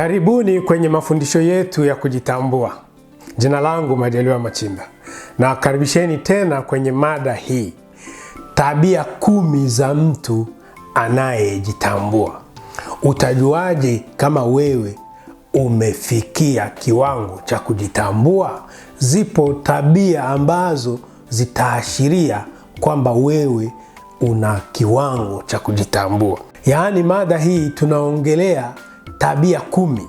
Karibuni kwenye mafundisho yetu ya kujitambua. Jina langu Majaliwa Machinda na karibisheni tena kwenye mada hii, tabia kumi za mtu anayejitambua. Utajuaje kama wewe umefikia kiwango cha kujitambua? Zipo tabia ambazo zitaashiria kwamba wewe una kiwango cha kujitambua. Yaani, mada hii tunaongelea tabia kumi.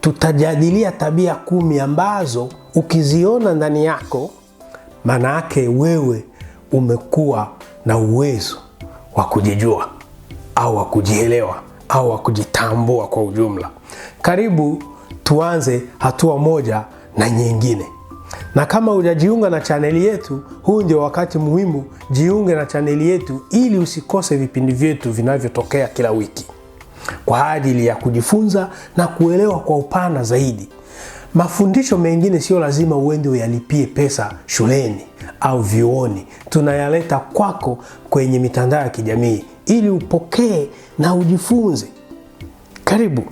Tutajadilia tabia kumi ambazo ukiziona ndani yako, maana yake wewe umekuwa na uwezo wa kujijua au wa kujielewa au wa kujitambua kwa ujumla. Karibu tuanze hatua moja na nyingine. Na kama hujajiunga na chaneli yetu, huu ndio wakati muhimu, jiunge na chaneli yetu ili usikose vipindi vyetu vinavyotokea kila wiki kwa ajili ya kujifunza na kuelewa kwa upana zaidi. Mafundisho mengine sio lazima uende uyalipie pesa shuleni au vyuoni, tunayaleta kwako kwenye mitandao ya kijamii ili upokee na ujifunze. Karibu.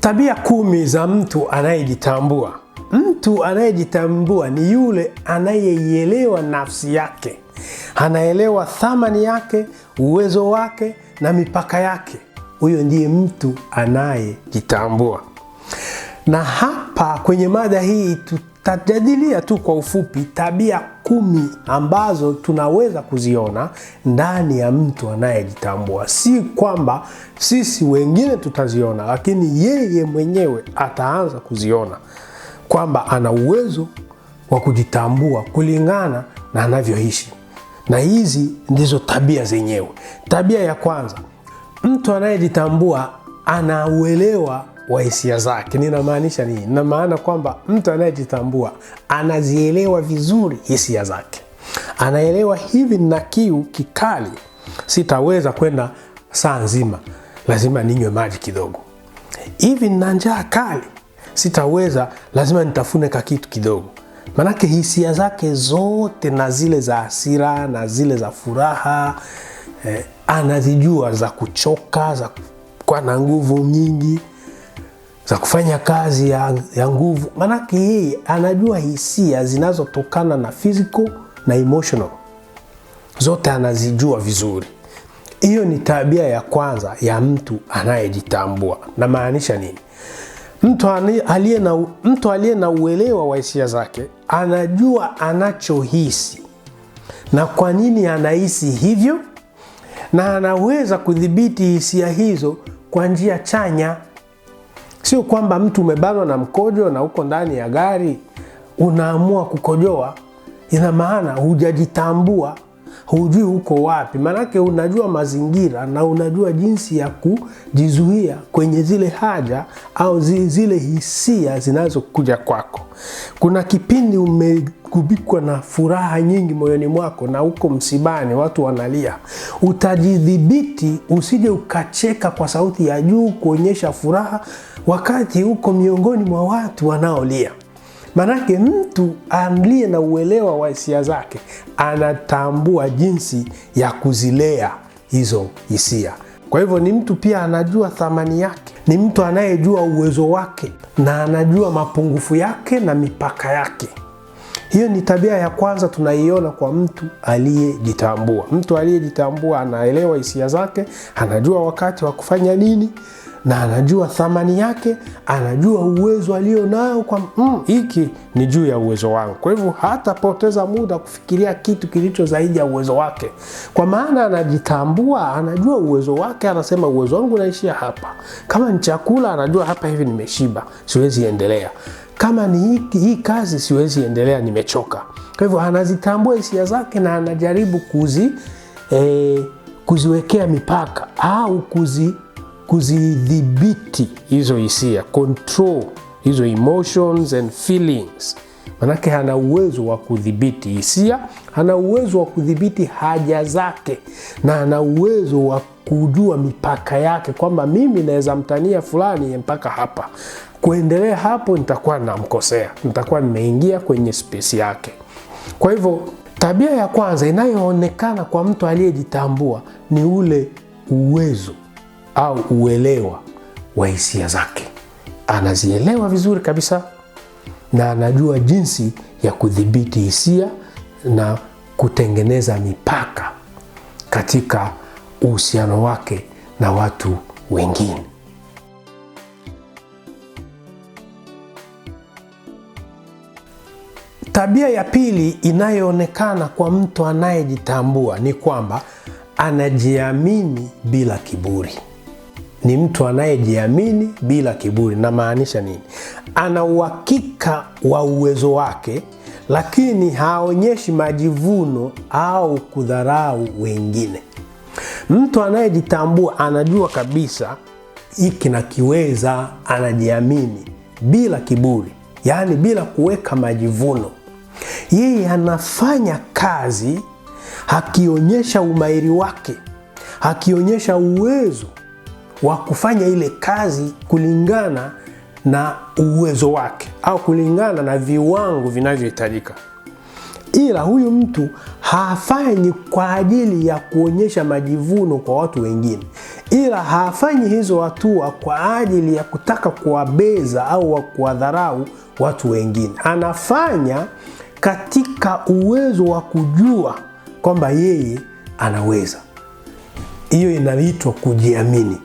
Tabia kumi za mtu anayejitambua. Mtu anayejitambua ni yule anayeielewa nafsi yake anaelewa thamani yake, uwezo wake na mipaka yake. Huyo ndiye mtu anayejitambua. Na hapa kwenye mada hii tutajadilia tu kwa ufupi tabia kumi ambazo tunaweza kuziona ndani ya mtu anayejitambua. Si kwamba sisi wengine tutaziona, lakini yeye mwenyewe ataanza kuziona kwamba ana uwezo wa kujitambua kulingana na anavyoishi na hizi ndizo tabia zenyewe. Tabia ya kwanza, mtu anayejitambua anauelewa wa hisia zake. Ninamaanisha nini? Na maana kwamba mtu anayejitambua anazielewa vizuri hisia zake, anaelewa hivi, na kiu kikali, sitaweza kwenda saa nzima, lazima ninywe maji kidogo. Hivi nina njaa kali, sitaweza, lazima nitafune ka kitu kidogo. Manake hisia zake zote na zile za hasira na zile za furaha eh, anazijua, za kuchoka, za kuwa na nguvu nyingi, za kufanya kazi ya, ya nguvu. Manake yeye anajua hisia zinazotokana na physical na emotional zote anazijua vizuri. Hiyo ni tabia ya kwanza ya mtu anayejitambua. Namaanisha nini? Mtu aliye na uelewa wa hisia zake anajua anachohisi na kwa nini anahisi hivyo, na anaweza kudhibiti hisia hizo kwa njia chanya. Sio kwamba mtu umebanwa na mkojo na uko ndani ya gari unaamua kukojoa, ina maana hujajitambua hujui uko wapi, maanake unajua mazingira na unajua jinsi ya kujizuia kwenye zile haja au zile hisia zinazokuja kwako. Kuna kipindi umegubikwa na furaha nyingi moyoni mwako na uko msibani, watu wanalia, utajidhibiti usije ukacheka kwa sauti ya juu kuonyesha furaha wakati uko miongoni mwa watu wanaolia. Maanake mtu aliye na uelewa wa hisia zake anatambua jinsi ya kuzilea hizo hisia. Kwa hivyo ni mtu pia anajua thamani yake, ni mtu anayejua uwezo wake na anajua mapungufu yake na mipaka yake. Hiyo ni tabia ya kwanza tunaiona kwa mtu aliyejitambua. Mtu aliyejitambua anaelewa hisia zake, anajua wakati wa kufanya nini na anajua thamani yake, anajua uwezo alio nayo kwa hmm, hiki ni juu ya uwezo wangu. Kwa hivyo hatapoteza muda kufikiria kitu kilicho zaidi ya uwezo wake, kwa maana anajitambua, anajua uwezo wake. Anasema uwezo wangu unaishia hapa. Kama ni chakula, anajua hapa, hivi nimeshiba, siwezi endelea kama ni hii kazi siwezi endelea, nimechoka. Kwa hivyo anazitambua hisia zake na anajaribu kuzi, eh, kuziwekea mipaka au kuzi kuzidhibiti hizo hisia, control hizo emotions and feelings. Manake hana uwezo wa kudhibiti hisia, hana uwezo wa kudhibiti haja zake, na ana uwezo wa kujua mipaka yake, kwamba mimi naweza mtania fulani mpaka hapa, kuendelea hapo nitakuwa namkosea, nitakuwa nimeingia kwenye spesi yake. Kwa hivyo tabia ya kwanza inayoonekana kwa mtu aliyejitambua ni ule uwezo au uelewa wa hisia zake. Anazielewa vizuri kabisa na anajua jinsi ya kudhibiti hisia na kutengeneza mipaka katika uhusiano wake na watu wengine. Tabia ya pili inayoonekana kwa mtu anayejitambua ni kwamba anajiamini bila kiburi ni mtu anayejiamini bila kiburi. Namaanisha nini? Ana uhakika wa uwezo wake, lakini haonyeshi majivuno au kudharau wengine. Mtu anayejitambua anajua kabisa hiki nakiweza, anajiamini bila kiburi, yaani bila kuweka majivuno. Yeye anafanya kazi akionyesha umahiri wake, akionyesha uwezo wa kufanya ile kazi kulingana na uwezo wake au kulingana na viwango vinavyohitajika, ila huyu mtu hafanyi kwa ajili ya kuonyesha majivuno kwa watu wengine, ila hafanyi hizo hatua kwa ajili ya kutaka kuwabeza au kuwadharau watu wengine. Anafanya katika uwezo wa kujua kwamba yeye anaweza. Hiyo inaitwa kujiamini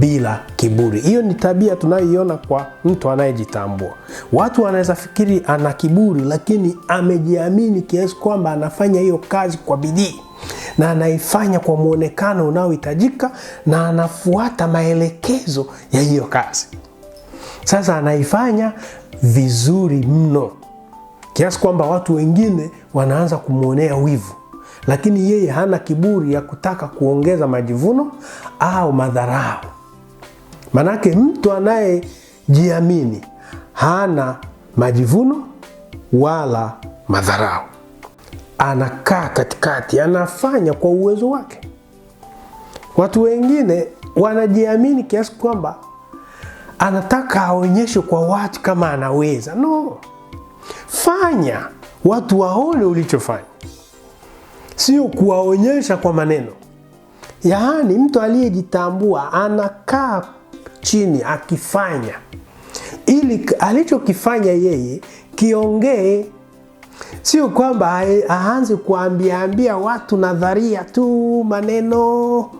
bila kiburi. Hiyo ni tabia tunayoiona kwa mtu anayejitambua. Watu wanaweza fikiri ana kiburi, lakini amejiamini kiasi kwamba anafanya hiyo kazi kwa bidii na anaifanya kwa mwonekano unaohitajika na anafuata maelekezo ya hiyo kazi. Sasa anaifanya vizuri mno kiasi kwamba watu wengine wanaanza kumwonea wivu, lakini yeye hana kiburi ya kutaka kuongeza majivuno au madharau. Manake mtu anayejiamini hana majivuno wala madharau, anakaa katikati, anafanya kwa uwezo wake. Watu wengine wanajiamini kiasi kwamba anataka aonyeshe kwa watu kama anaweza. No, fanya watu waone ulichofanya, sio kuwaonyesha kwa maneno. Yaani, mtu aliyejitambua anakaa chini akifanya, ili alichokifanya yeye kiongee, sio kwamba aanze kuambiaambia watu nadharia tu maneno.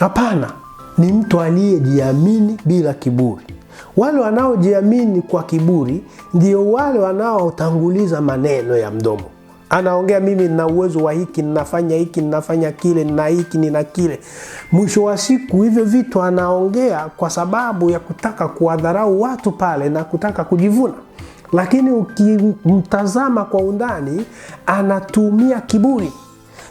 Hapana, ni mtu aliyejiamini bila kiburi. Wale wanaojiamini kwa kiburi ndio wale wanaotanguliza maneno ya mdomo anaongea, mimi nina uwezo wa hiki, ninafanya hiki, ninafanya kile, nina hiki, nina kile. Mwisho wa siku hivyo vitu anaongea kwa sababu ya kutaka kuwadharau watu pale na kutaka kujivuna, lakini ukimtazama kwa undani, anatumia kiburi,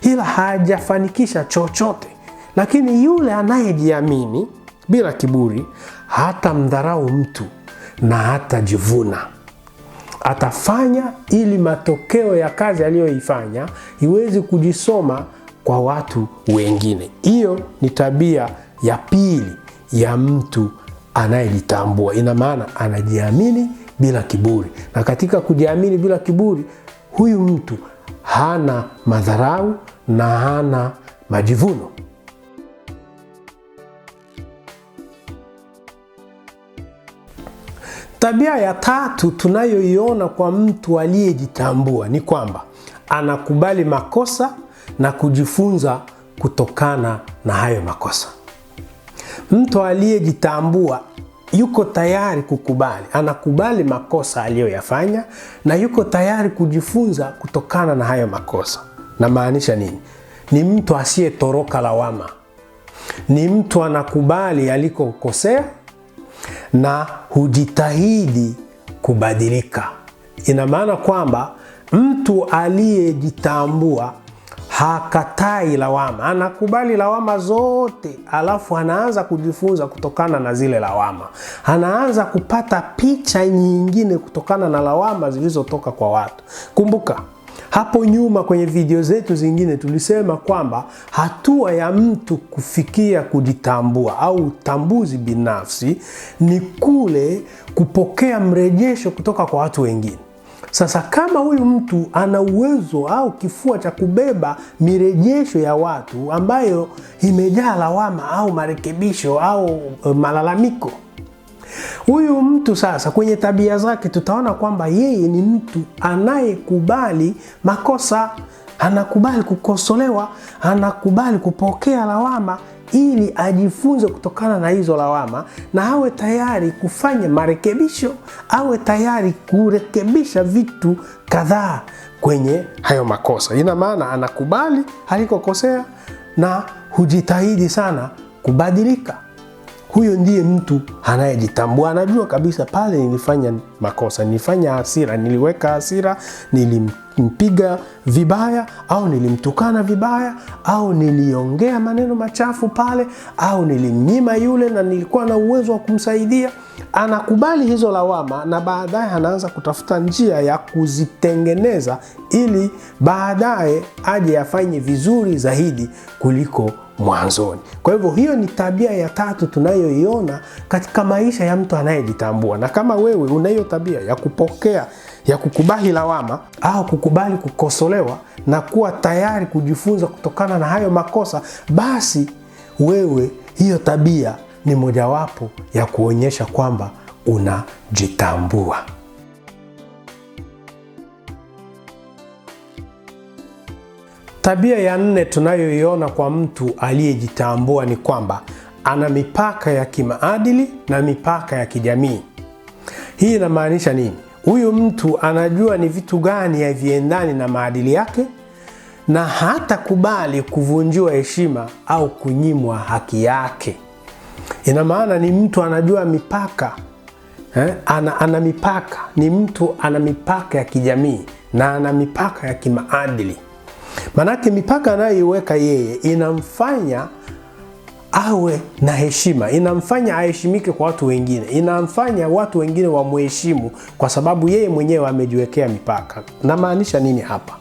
ila hajafanikisha chochote. Lakini yule anayejiamini bila kiburi hata mdharau mtu na hata jivuna atafanya ili matokeo ya kazi aliyoifanya iweze kujisoma kwa watu wengine. Hiyo ni tabia ya pili ya mtu anayejitambua. Ina maana anajiamini bila kiburi, na katika kujiamini bila kiburi, huyu mtu hana madharau na hana majivuno. Tabia ya tatu tunayoiona kwa mtu aliyejitambua ni kwamba anakubali makosa na kujifunza kutokana na hayo makosa. Mtu aliyejitambua yuko tayari kukubali, anakubali makosa aliyoyafanya na yuko tayari kujifunza kutokana na hayo makosa. Namaanisha nini? Ni mtu asiyetoroka lawama, ni mtu anakubali alikokosea na hujitahidi kubadilika. Ina maana kwamba mtu aliyejitambua hakatai lawama, anakubali lawama zote, alafu anaanza kujifunza kutokana na zile lawama. Anaanza kupata picha nyingine kutokana na lawama zilizotoka kwa watu. Kumbuka hapo nyuma kwenye video zetu zingine tulisema kwamba hatua ya mtu kufikia kujitambua au utambuzi binafsi ni kule kupokea mrejesho kutoka kwa watu wengine. Sasa kama huyu mtu ana uwezo au kifua cha kubeba mirejesho ya watu ambayo imejaa lawama au marekebisho au eh, malalamiko Huyu mtu sasa, kwenye tabia zake tutaona kwamba yeye ni mtu anayekubali makosa, anakubali kukosolewa, anakubali kupokea lawama ili ajifunze kutokana na hizo lawama na awe tayari kufanya marekebisho, awe tayari kurekebisha vitu kadhaa kwenye hayo makosa. Ina maana anakubali alikokosea na hujitahidi sana kubadilika huyo ndiye mtu anayejitambua, anajua kabisa pale nilifanya makosa, nilifanya hasira, niliweka hasira, nilimpiga vibaya au nilimtukana vibaya au niliongea maneno machafu pale au nilimnyima yule na nilikuwa na uwezo wa kumsaidia. Anakubali hizo lawama na baadaye anaanza kutafuta njia ya kuzitengeneza ili baadaye aje afanye vizuri zaidi kuliko mwanzoni. Kwa hivyo hiyo ni tabia ya tatu tunayoiona katika maisha ya mtu anayejitambua. Na kama wewe una hiyo tabia ya kupokea, ya kukubali lawama au kukubali kukosolewa na kuwa tayari kujifunza kutokana na hayo makosa, basi wewe hiyo tabia ni mojawapo ya kuonyesha kwamba unajitambua. Tabia ya nne tunayoiona kwa mtu aliyejitambua ni kwamba ana mipaka ya kimaadili na mipaka ya kijamii. Hii inamaanisha nini? Huyu mtu anajua ni vitu gani haviendani na maadili yake na hatakubali kuvunjiwa heshima au kunyimwa haki yake. Ina maana ni mtu anajua mipaka eh? Ana, ana mipaka, ni mtu ana mipaka ya kijamii na ana mipaka ya kimaadili. Manake mipaka anayoiweka yeye inamfanya awe na heshima, inamfanya aheshimike kwa watu wengine, inamfanya watu wengine wamheshimu kwa sababu yeye mwenyewe amejiwekea mipaka. Namaanisha nini hapa?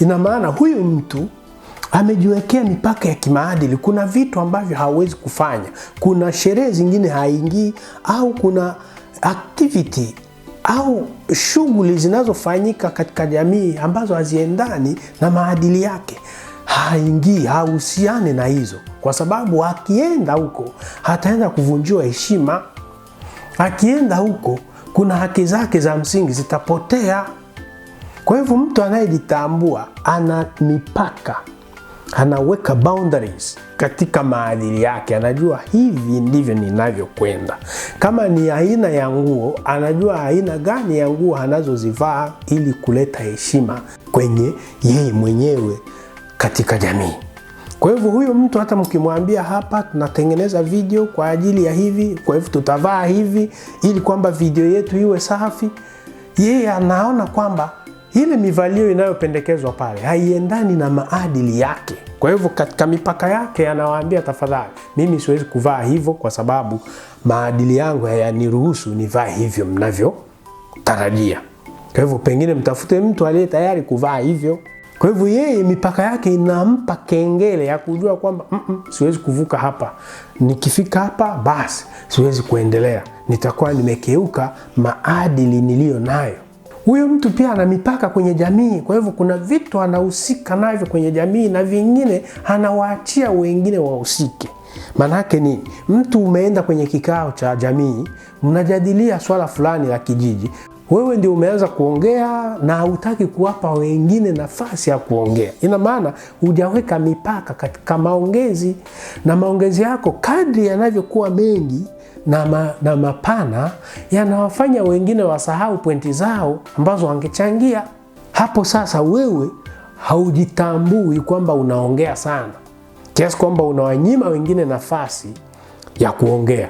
Ina maana huyu mtu amejiwekea mipaka ya kimaadili. Kuna vitu ambavyo hawezi kufanya, kuna sherehe zingine haingii, au kuna activity au shughuli zinazofanyika katika jamii ambazo haziendani na maadili yake, haingii, hahusiane na hizo, kwa sababu akienda huko hataenda kuvunjiwa heshima. Akienda huko kuna haki zake za msingi zitapotea. Kwa hivyo mtu anayejitambua ana mipaka anaweka boundaries katika maadili yake, anajua hivi ndivyo ninavyokwenda. Kama ni aina ya nguo, anajua aina gani ya nguo anazozivaa ili kuleta heshima kwenye yeye mwenyewe katika jamii. Kwa hivyo huyo mtu hata mkimwambia hapa, tunatengeneza video kwa ajili ya hivi, kwa hivyo tutavaa hivi ili kwamba video yetu iwe safi, yeye anaona kwamba ile mivalio inayopendekezwa pale haiendani na maadili yake. Kwa hivyo katika mipaka yake anawaambia, tafadhali, mimi siwezi kuvaa hivyo kwa sababu maadili yangu hayaniruhusu nivaa hivyo mnavyotarajia. Kwa hivyo pengine mtafute mtu aliye tayari kuvaa hivyo. Kwa hivyo yeye mipaka yake inampa kengele ya kujua kwamba mm -mm, siwezi kuvuka hapa. Nikifika hapa basi siwezi kuendelea, nitakuwa nimekeuka maadili niliyo nayo. Huyu mtu pia ana mipaka kwenye jamii, kwa hivyo kuna vitu anahusika navyo kwenye jamii na vingine anawaachia wengine wahusike. Maanake ni mtu umeenda kwenye kikao cha jamii, mnajadilia swala fulani la kijiji wewe ndio umeanza kuongea na hutaki kuwapa wengine nafasi ya kuongea. Ina maana hujaweka mipaka katika maongezi, na maongezi yako kadri yanavyokuwa mengi na, ma, na mapana yanawafanya wengine wasahau pointi zao ambazo wangechangia. Hapo sasa wewe haujitambui kwamba unaongea sana kiasi kwamba unawanyima wengine nafasi ya kuongea.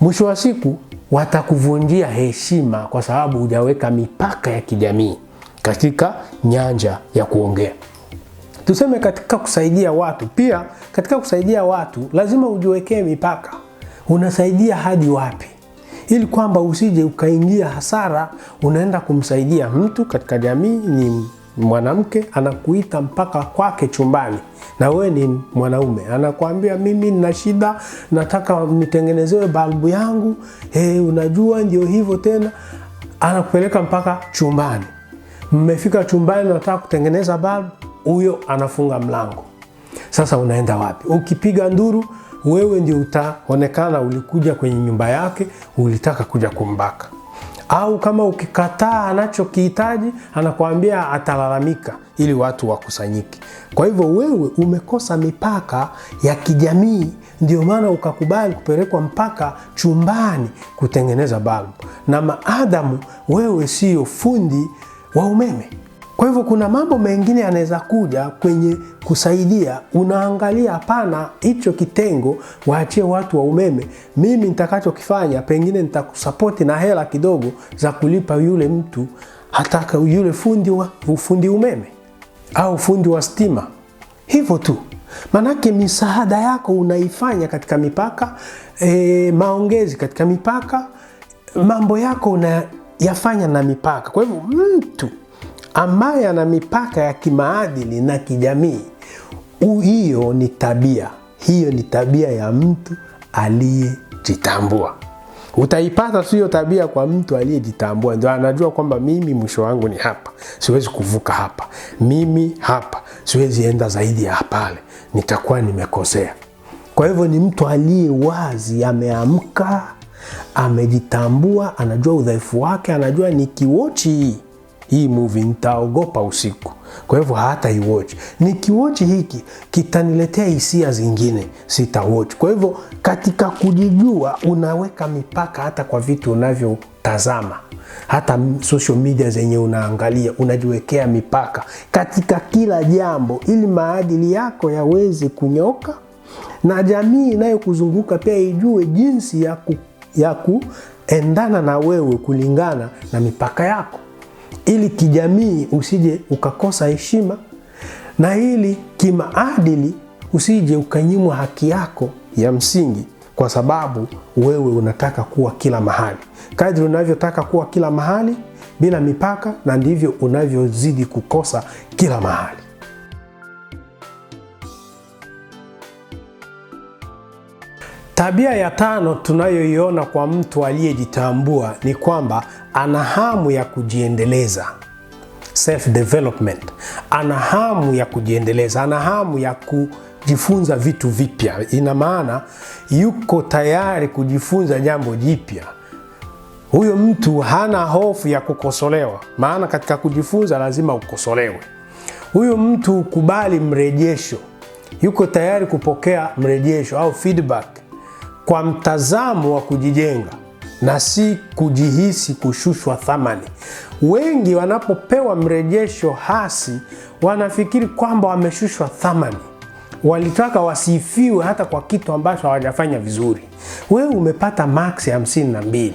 Mwisho wa siku watakuvunjia heshima kwa sababu hujaweka mipaka ya kijamii katika nyanja ya kuongea. Tuseme katika kusaidia watu pia, katika kusaidia watu lazima ujiwekee mipaka. Unasaidia hadi wapi, ili kwamba usije ukaingia hasara. Unaenda kumsaidia mtu katika jamii ni mwanamke anakuita mpaka kwake chumbani, na wewe ni mwanaume, anakuambia mimi nina shida, nataka nitengenezewe balbu yangu. Hey, eh, unajua ndio hivyo tena, anakupeleka mpaka chumbani. Mmefika chumbani, nataka kutengeneza balbu, huyo anafunga mlango. Sasa unaenda wapi? Ukipiga nduru, wewe ndio utaonekana ulikuja kwenye nyumba yake, ulitaka kuja kumbaka au kama ukikataa anachokihitaji anakuambia atalalamika ili watu wakusanyike. Kwa hivyo wewe umekosa mipaka ya kijamii, ndio maana ukakubali kupelekwa mpaka chumbani kutengeneza balbu, na maadamu wewe siyo fundi wa umeme kwa hivyo kuna mambo mengine yanaweza kuja kwenye kusaidia, unaangalia hapana, hicho kitengo waachie watu wa umeme, mimi nitakachokifanya pengine nitakusapoti na hela kidogo za kulipa yule mtu, hata yule fundi wa ufundi umeme au fundi wa stima, hivyo tu. Manake misaada yako unaifanya katika mipaka e, maongezi katika mipaka, mambo yako unayafanya na mipaka. Kwa hivyo mtu ambaye ana mipaka ya kimaadili na kijamii, hiyo ni tabia, hiyo ni tabia ya mtu aliyejitambua. Utaipata siyo tabia kwa mtu aliyejitambua, ndio anajua kwamba mimi mwisho wangu ni hapa, siwezi kuvuka hapa, mimi hapa siwezi enda zaidi ya pale, nitakuwa nimekosea. Kwa hivyo ni mtu aliye wazi, ameamka, amejitambua, anajua udhaifu wake, anajua kiwochi hii hii movie nitaogopa usiku, kwa hivyo hata iwatch. Nikiwatch hiki kitaniletea hisia zingine, sitawatch. Kwa hivyo katika kujijua, unaweka mipaka hata kwa vitu unavyotazama hata social media zenye unaangalia unajiwekea mipaka katika kila jambo, ili maadili yako yaweze kunyoka na jamii inayokuzunguka pia ijue jinsi ya, ku, ya kuendana na wewe kulingana na mipaka yako ili kijamii usije ukakosa heshima na ili kimaadili usije ukanyimwa haki yako ya msingi, kwa sababu wewe unataka kuwa kila mahali. Kadri unavyotaka kuwa kila mahali bila mipaka, na ndivyo unavyozidi kukosa kila mahali. Tabia ya tano tunayoiona kwa mtu aliyejitambua ni kwamba ana hamu ya kujiendeleza self development, ana hamu ya kujiendeleza, ana hamu ya kujifunza vitu vipya. Ina maana yuko tayari kujifunza jambo jipya. Huyo mtu hana hofu ya kukosolewa, maana katika kujifunza lazima ukosolewe. Huyo mtu ukubali mrejesho, yuko tayari kupokea mrejesho au feedback kwa mtazamo wa kujijenga na si kujihisi kushushwa thamani. Wengi wanapopewa mrejesho hasi wanafikiri kwamba wameshushwa thamani, walitaka wasifiwe hata kwa kitu ambacho hawajafanya vizuri. Wewe umepata maksi 52,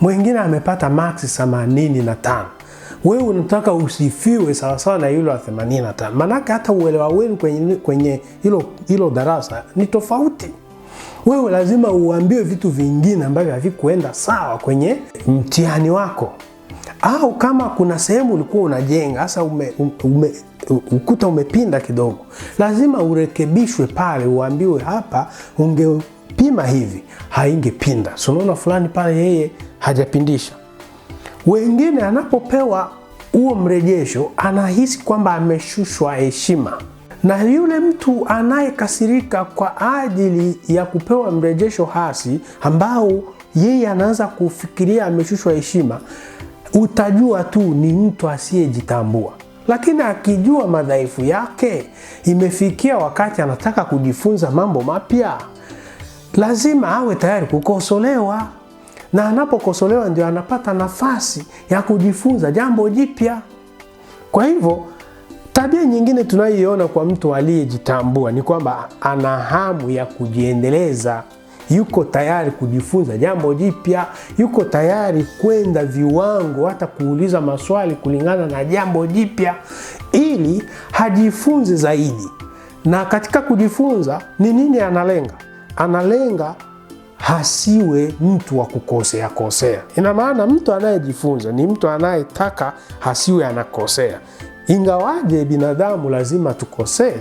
mwingine amepata maksi tano wewe unataka usifiwe sawasawa na yule wa 85. Maanake hata uelewa wenu kwenye hilo darasa ni tofauti wewe lazima uambiwe vitu vingine ambavyo havikuenda sawa kwenye mtihani wako, au kama kuna sehemu ulikuwa unajenga hasa ume, ume, ukuta umepinda kidogo, lazima urekebishwe pale, uambiwe hapa ungepima hivi, haingepinda. So unaona fulani pale yeye hajapindisha. Wengine anapopewa huo mrejesho anahisi kwamba ameshushwa heshima na yule mtu anayekasirika kwa ajili ya kupewa mrejesho hasi ambao yeye anaanza kufikiria ameshushwa heshima, utajua tu ni mtu asiyejitambua. Lakini akijua madhaifu yake, imefikia wakati anataka kujifunza mambo mapya, lazima awe tayari kukosolewa, na anapokosolewa ndio anapata nafasi ya kujifunza jambo jipya. Kwa hivyo Tabia nyingine tunayoiona kwa mtu aliyejitambua ni kwamba ana hamu ya kujiendeleza, yuko tayari kujifunza jambo jipya, yuko tayari kwenda viwango, hata kuuliza maswali kulingana na jambo jipya ili hajifunze zaidi. Na katika kujifunza, ni nini analenga? Analenga hasiwe mtu wa kukosea kosea. Ina maana mtu anayejifunza ni mtu anayetaka hasiwe anakosea. Ingawaje binadamu lazima tukosee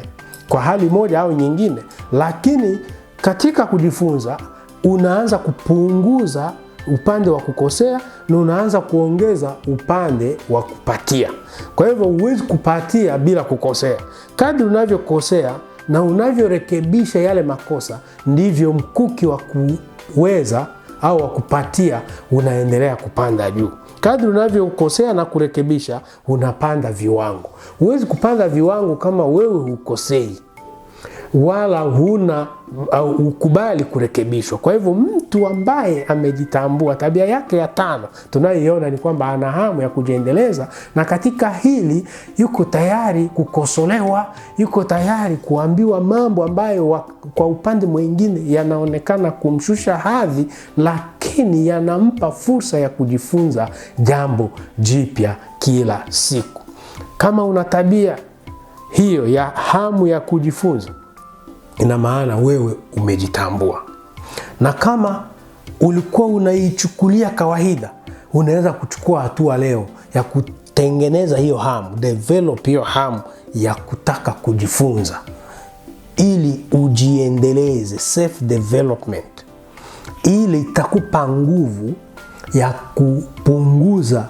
kwa hali moja au nyingine, lakini katika kujifunza unaanza kupunguza upande wa kukosea na unaanza kuongeza upande wa kupatia. Kwa hivyo huwezi kupatia bila kukosea. Kadri unavyokosea na unavyorekebisha yale makosa, ndivyo mkuki wa kuweza au wa kupatia unaendelea kupanda juu. Kadri unavyokosea na kurekebisha, unapanda viwango. Huwezi kupanda viwango kama wewe hukosei wala huna au ukubali kurekebishwa. Kwa hivyo mtu ambaye amejitambua, tabia yake ya tano tunayoiona ni kwamba ana hamu ya kujiendeleza, na katika hili yuko tayari kukosolewa, yuko tayari kuambiwa mambo ambayo wa, kwa upande mwingine yanaonekana kumshusha hadhi, lakini yanampa fursa ya kujifunza jambo jipya kila siku. Kama una tabia hiyo ya hamu ya kujifunza ina maana wewe umejitambua, na kama ulikuwa unaichukulia kawaida, unaweza kuchukua hatua leo ya kutengeneza hiyo hamu, develop hiyo hamu ya kutaka kujifunza ili ujiendeleze, self development, ili itakupa nguvu ya kupunguza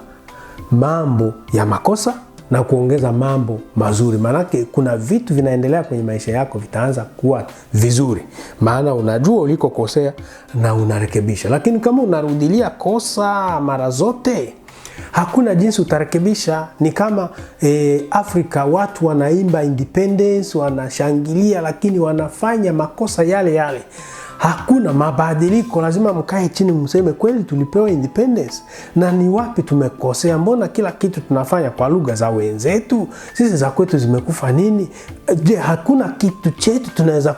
mambo ya makosa na kuongeza mambo mazuri, maanake kuna vitu vinaendelea kwenye maisha yako, vitaanza kuwa vizuri, maana unajua ulikokosea na unarekebisha. Lakini kama unarudilia kosa mara zote, hakuna jinsi utarekebisha. Ni kama e, Afrika watu wanaimba independence, wanashangilia, lakini wanafanya makosa yale yale hakuna mabadiliko. Lazima mkae chini, mseme kweli, tulipewa independence na ni wapi tumekosea? Mbona kila kitu tunafanya kwa lugha za wenzetu? Sisi za kwetu zimekufa nini? Je, hakuna kitu chetu tunaweza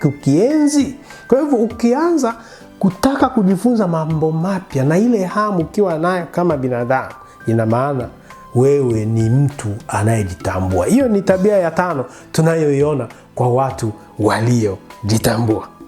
kukienzi? Kwa hivyo ukianza kutaka kujifunza mambo mapya na ile hamu ukiwa nayo kama binadamu, ina maana wewe ni mtu anayejitambua. Hiyo ni tabia ya tano tunayoiona kwa watu waliojitambua.